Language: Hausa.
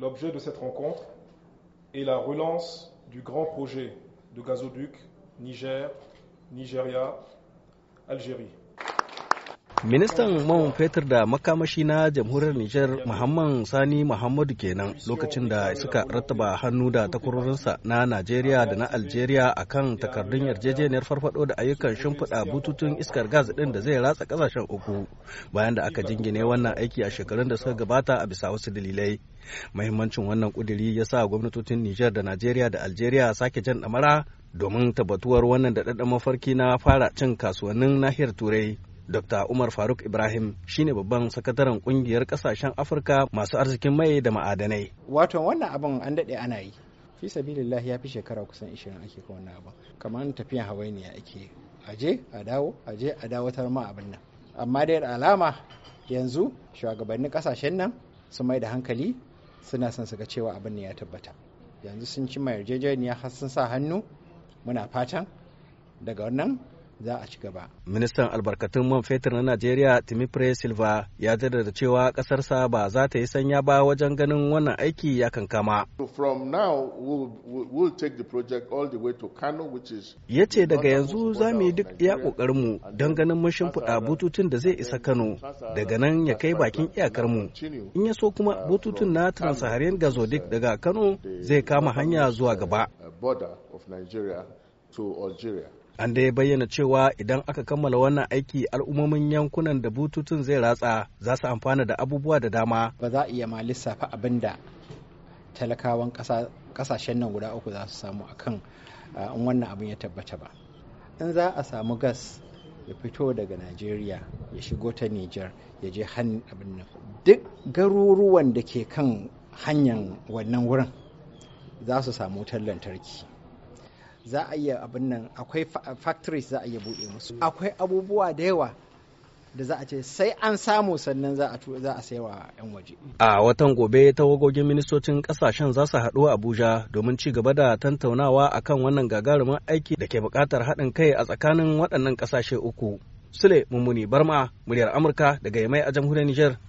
l'objet de cette rencontre est la relance du grand projet de gazoduc Niger, Nigeria, Algérie. Ministan man fetur da makamashi na jamhuriyar Nijar Muhammad Sani Muhammadu kenan lokacin da suka rattaba hannu da takwarorinsa na Najeriya da na Algeria kan takardun yarjejeniyar farfado da ayyukan shimfiɗa bututun iskar gas ɗin da zai ratsa ƙasashen uku bayan da aka jingine wannan aiki a shekarun da suka gabata a bisa wasu dalilai. Mahimmancin wannan kudiri ya sa gwamnatocin Nijar da Najeriya da Algeria sake jan ɗamara domin tabbatuwar wannan da mafarki na fara cin kasuwannin nahiyar Turai. Dr. Umar Faruk Ibrahim shine babban sakataren kungiyar kasashen Afirka masu arzikin mai da ma'adanai. Wato wannan abin an daɗe ana yi. Fi sabilillah ya fi shekara kusan 20 ake kawo wannan abin. Kamar tafiyan hawainiya ake aje a dawo aje a dawatar ma abin nan. Amma dai alama yanzu shugabannin kasashen nan su mai da hankali suna son su ga cewa abin ne ya tabbata. Yanzu sun cimma yarjejeniya har sun sa hannu muna fatan daga wannan za a ci gaba. Ministan albarkatun man fetur na Najeriya Timipre Silva ya da cewa kasarsa ba za ta yi sanya ba wajen ganin wannan aiki ya kankama. From now we'll, we'll the project all to Kano which is Ya ce daga yanzu za mu yi duk iya mu don ganin mun shimfiɗa bututun da zai isa Kano daga nan ya kai bakin iyakar mu. In ya so kuma uh, bututun na Trans-Saharan uh, daga Kano zai kama hanya zuwa gaba. Uh, border of Nigeria to Algeria. an ya bayyana cewa idan aka kammala wannan aiki al'ummomin yankunan da bututun zai ratsa za su amfana da abubuwa da dama ba za a iya ma lissafa abin da talakawan kasashen nan guda uku za su samu a in wannan abin ya tabbata ba in za a samu gas ya fito daga najeriya ya shigo ta niger ya je hannun abin nan duk garuruwan da ke kan hanyar wannan wurin za su samu wutar lantarki za a iya abin nan akwai factories za a iya buɗe musu akwai abubuwa da yawa da za a ce sai an samu sannan za a saiwa 'yan waje. A watan gobe ta tawagogin ministocin kasashen za su haɗu Abuja domin ci gaba da tantaunawa akan wannan gagarumin aiki da ke buƙatar haɗin kai a tsakanin waɗannan ƙasashe uku. Sule Mummuni Barma, muryar Amurka daga Yamai a jamhuriyar Nijar.